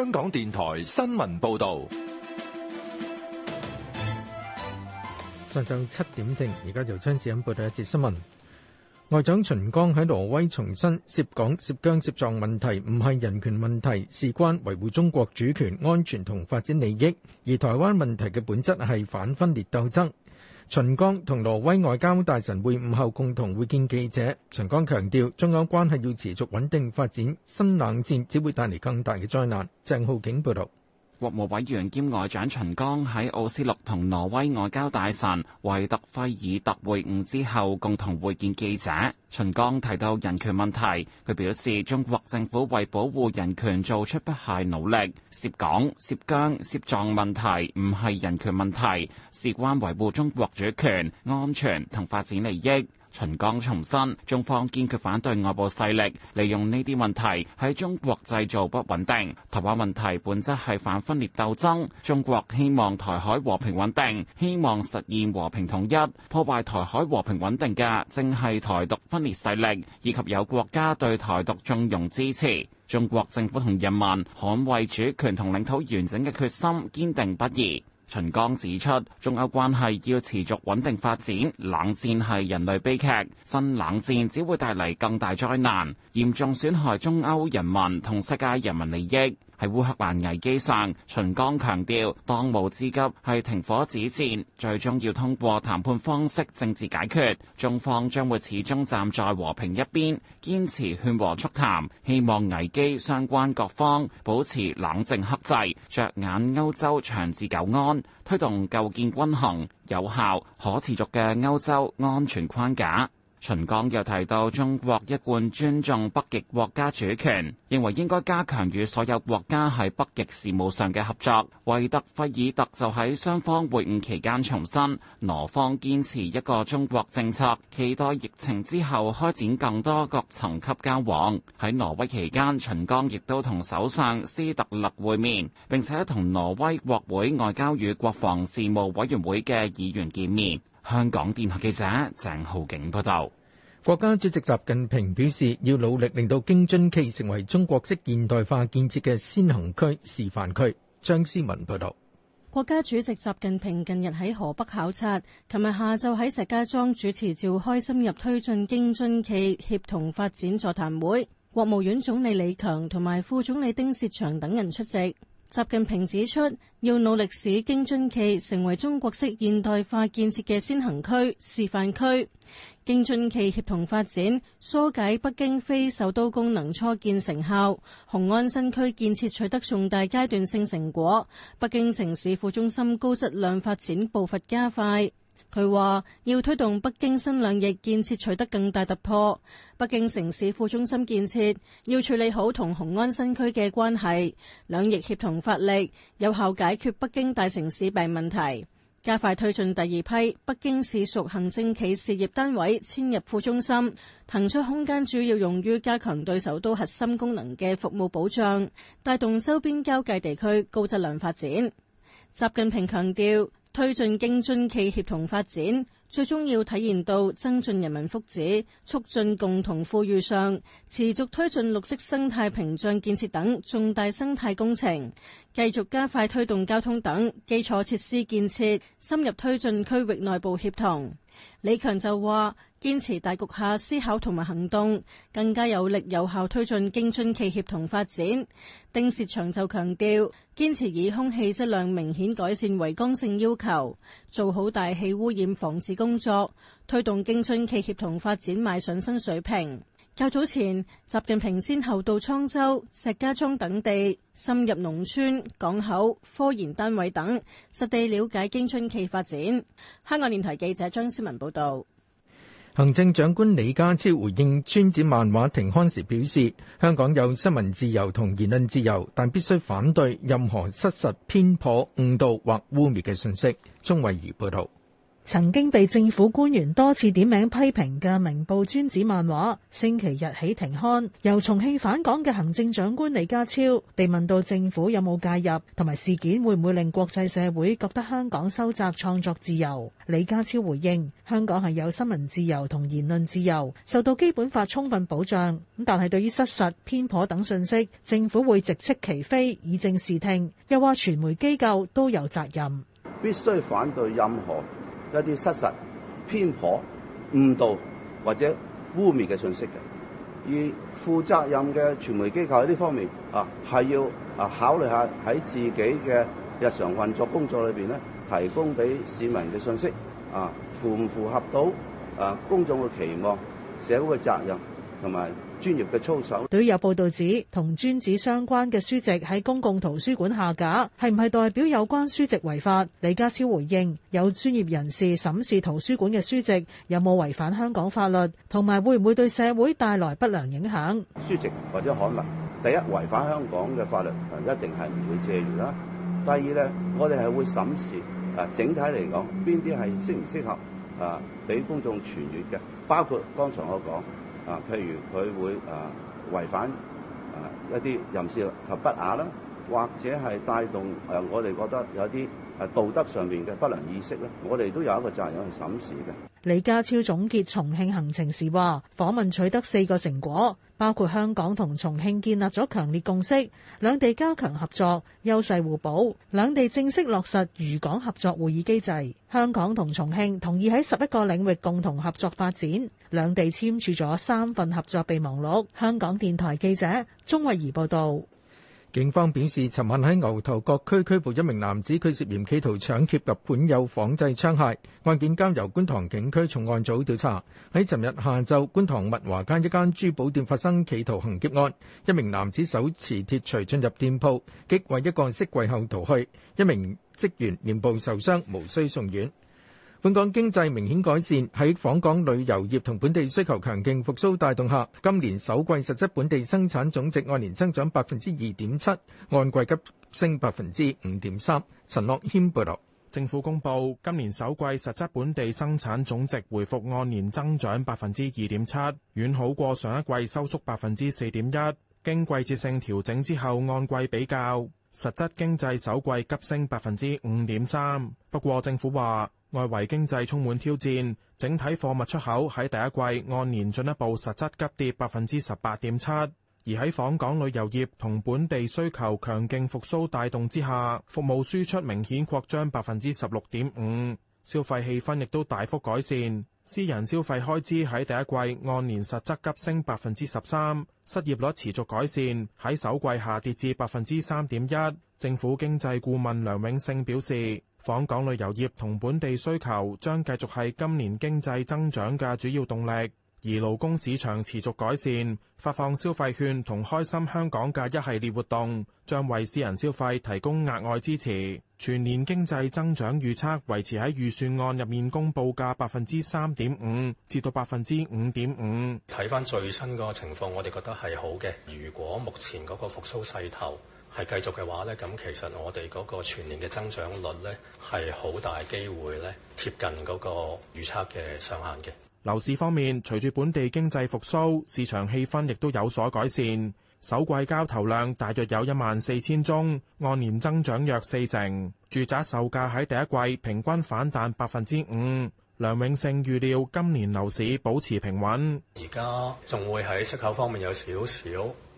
香港電台新聞報道，上晝七點正，而家由張子欣播第一節新聞。外長秦剛喺挪威重申，涉港、涉疆、涉藏問題唔係人權問題，事關維護中國主權、安全同發展利益，而台灣問題嘅本質係反分裂鬥爭。秦剛同挪威外交大臣會晤後，共同會見記者。秦剛強調，中歐關係要持續穩定發展，新冷戰只會帶嚟更大嘅災難。鄭浩景報道。國務委員兼外長秦剛喺奧斯陸同挪威外交大臣惠特費爾特會晤之後，共同會見記者。秦剛提到人權問題，佢表示中國政府為保護人權做出不懈努力。涉港、涉疆、涉藏問題唔係人權問題，事關維護中國主權、安全同發展利益。秦剛重申，中方堅決反對外部勢力利用呢啲問題喺中國製造不穩定。台灣問題本質係反分裂鬥爭，中國希望台海和平穩定，希望實現和平統一。破壞台海和平穩定嘅，正係台獨分裂勢力以及有國家對台獨縱容支持。中國政府同人民捍衛主權同領土完整嘅決心堅定不移。秦剛指出，中歐關係要持續穩定發展，冷戰係人類悲劇，新冷戰只會帶嚟更大災難，嚴重損害中歐人民同世界人民利益。喺烏克蘭危機上，秦剛強調，當務之急係停火止戰，最終要通過談判方式政治解決。中方將會始終站在和平一邊，堅持勸和促談，希望危機相關各方保持冷靜克制，着眼歐洲長治久安，推動構建均衡、有效、可持續嘅歐洲安全框架。秦剛又提到，中國一貫尊重北極國家主權，認為應該加強與所有國家喺北極事務上嘅合作。惠特菲爾特就喺雙方會晤期間重申，挪方堅持一個中國政策，期待疫情之後開展更多各層級交往。喺挪威期間，秦剛亦都同首相斯特勒會面，並且同挪威國會外交與國防事務委員會嘅議員見面。香港電台記者鄭浩景報道。國家主席習近平表示，要努力令到京津冀成為中國式現代化建設嘅先行區、示範區。張思文報道。國家主席習近平近日喺河北考察，琴日下晝喺石家莊主持召開深入推進京津冀協同發展座談會，國務院總理李強同埋副總理丁薛祥等人出席。習近平指出，要努力使京津冀成為中國式現代化建設嘅先行區、示範區。京津冀協同發展疏解北京非首都功能初見成效，雄安新區建設取得重大階段性成果，北京城市副中心高質量發展步伐加快。佢話：要推動北京新兩翼建設取得更大突破，北京城市副中心建設要處理好同雄安新區嘅關係，兩翼協同發力，有效解決北京大城市病問題，加快推進第二批北京市屬行政企事業單位遷入副中心，騰出空間主要用於加強對首都核心功能嘅服務保障，帶動周邊交界地區高質量發展。習近平強調。推進京津冀協同發展，最終要體現到增進人民福祉、促進共同富裕上。持續推進綠色生態屏障建設等重大生態工程，繼續加快推動交通等基礎設施建設，深入推進區域內部協同。李強就話：堅持大局下思考同埋行動，更加有力有效推進京津冀協同發展。丁薛祥就強調：堅持以空氣質量明顯改善為剛性要求，做好大氣污染防治工作，推動京津冀協同發展邁上新水平。較早前，習近平先後到滄州、石家莊等地，深入農村、港口、科研單位等，實地了解京津冀發展。香港電台記者張思文報道。行政長官李家超回應《尊子漫畫》停刊時表示，香港有新聞自由同言論自由，但必須反對任何失實、偏頗、誤導或污蔑嘅信息。鍾偉儀報道。曾經被政府官員多次點名批評嘅《明報尊子漫畫》，星期日起停刊。由重慶返港嘅行政長官李家超被問到政府有冇介入，同埋事件會唔會令國際社會覺得香港收窄創作自由？李家超回應：香港係有新聞自由同言論自由，受到基本法充分保障。咁但係對於失實、偏頗等信息，政府會直斥其非，以正視聽。又話傳媒機構都有責任，必須反對任何。一啲失實、偏頗、誤導或者污蔑嘅信息嘅，而負責任嘅傳媒機構喺呢方面啊，係要啊考慮下喺自己嘅日常運作工作裏邊咧，提供俾市民嘅信息啊，符唔符合到啊公眾嘅期望、社會嘅責任同埋，專業嘅操守。對於有報導指，同專子相關嘅書籍喺公共圖書館下架，係唔係代表有關書籍違法？李家超回應：有專業人士審視圖書館嘅書籍有冇違反香港法律，同埋會唔會對社會帶來不良影響？書籍或者可能第一違反香港嘅法律，一定係唔會借閲啦。第二呢，我哋係會審視啊，整體嚟講，邊啲係適唔適合啊，俾公眾傳閲嘅，包括剛才我講。啊，譬如佢會啊違反啊一啲淫褻及不雅啦，或者係帶動誒、啊、我哋覺得有啲誒道德上面嘅不良意識咧，我哋都有一個責任去審視嘅。李家超總結重慶行程時話：訪問取得四個成果。包括香港同重慶建立咗強烈共識，兩地加強合作、優勢互補，兩地正式落實渝港合作會議機制。香港同重慶同意喺十一個領域共同合作發展，兩地簽署咗三份合作備忘錄，香港電台記者鍾慧儀報道。警方表示，尋晚喺牛頭角區拘捕一名男子，佢涉嫌企圖搶劫及管有仿製槍械。案件交由觀塘警區重案組調查。喺尋日下晝，觀塘物華街一間珠寶店發生企圖行劫案，一名男子手持鐵錘進入店鋪，擊毀一個飾櫃後逃去，一名職員面部受傷，無需送院。本港經濟明顯改善，喺訪港旅遊業同本地需求強勁復甦帶動下，今年首季實質本地生產總值按年增長百分之二點七，按季急升百分之五點三。陳樂軒報道，政府公布今年首季實質本地生產總值回復按年增長百分之二點七，遠好過上一季收縮百分之四點一，經季節性調整之後，按季比較，實質經濟首季急升百分之五點三，不過政府話外圍經濟充滿挑戰，整體貨物出口喺第一季按年進一步實質急跌百分之十八點七，而喺訪港旅遊業同本地需求強勁復甦帶動之下，服務輸出明顯擴張百分之十六點五，消費氣氛亦都大幅改善。私人消費開支喺第一季按年實質急升百分之十三，失業率持續改善，喺首季下跌至百分之三點一。政府經濟顧問梁永勝表示，訪港旅遊業同本地需求將繼續係今年經濟增長嘅主要動力。而勞工市場持續改善，發放消費券同開心香港嘅一系列活動，將為私人消費提供額外支持。全年經濟增長預測維持喺預算案入面公布嘅百分之三點五至到百分之五點五。睇翻最新個情況，我哋覺得係好嘅。如果目前嗰個復甦勢頭係繼續嘅話咧，咁其實我哋嗰個全年嘅增長率咧係好大機會咧貼近嗰個預測嘅上限嘅。樓市方面，隨住本地經濟復甦，市場氣氛亦都有所改善。首季交投量大約有一萬四千宗，按年增長約四成。住宅售價喺第一季平均反彈百分之五。梁永勝預料今年樓市保持平穩，而家仲會喺出口方面有少少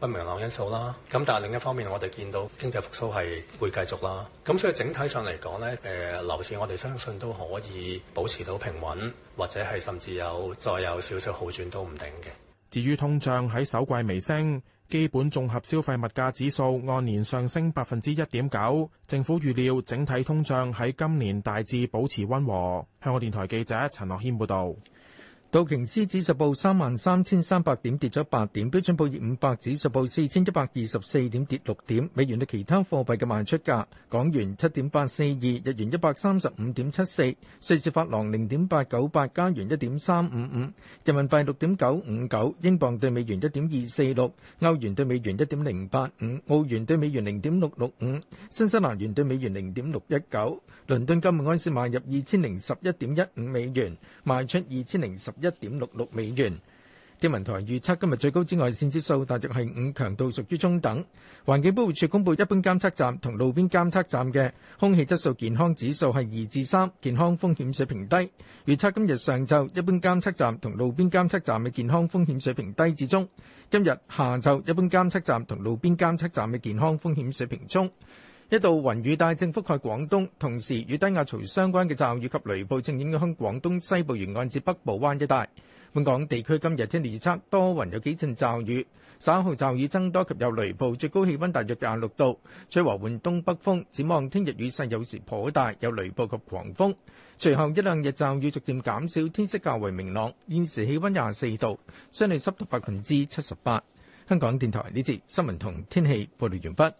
不明朗因素啦，咁但係另一方面，我哋見到經濟復甦係會繼續啦，咁所以整體上嚟講咧，誒、呃、樓市我哋相信都可以保持到平穩，或者係甚至有再有少少好轉都唔定嘅。至於通脹喺首季微升，基本綜合消費物價指數按年上升百分之一點九，政府預料整體通脹喺今年大致保持溫和。香港電台記者陳樂謙報道。道瓊斯指數報三萬三千三百點，跌咗八點；標準普爾五百指數報四千一百二十四點，跌六點。美元對其他貨幣嘅賣出價：港元七點八四二，日元一百三十五點七四，瑞士法郎零點八九八，加元一點三五五，人民幣六點九五九，英鎊對美元一點二四六，歐元對美元一點零八五，澳元對美元零點六六五，新西蘭元對美元零點六一九。倫敦金每安士賣入二千零十一點一五美元，賣出二千零十。一點六六美元。天文台預測今日最高紫外線指數大約係五，強度屬於中等。環境保護署公佈，一般監測站同路邊監測站嘅空氣質素健康指數係二至三，健康風險水平低。預測今日上晝一般監測站同路邊監測站嘅健康風險水平低至中。今日下晝一般監測站同路邊監測站嘅健康風險水平中。一道雲雨帶正覆蓋廣東，同時與低壓槽相關嘅驟雨及雷暴正影響廣東西部沿岸至北部灣一帶。本港地區今日天氣預測，多雲，有幾陣驟雨，稍後驟雨增多及有雷暴，最高氣温大約廿六度，吹和緩東北風。展望聽日雨勢有時頗大，有雷暴及狂風。隨後一兩日驟雨逐漸減少，天色較為明朗，現時氣温廿四度，相對濕度百分之七十八。香港電台呢節新聞同天氣報道完畢。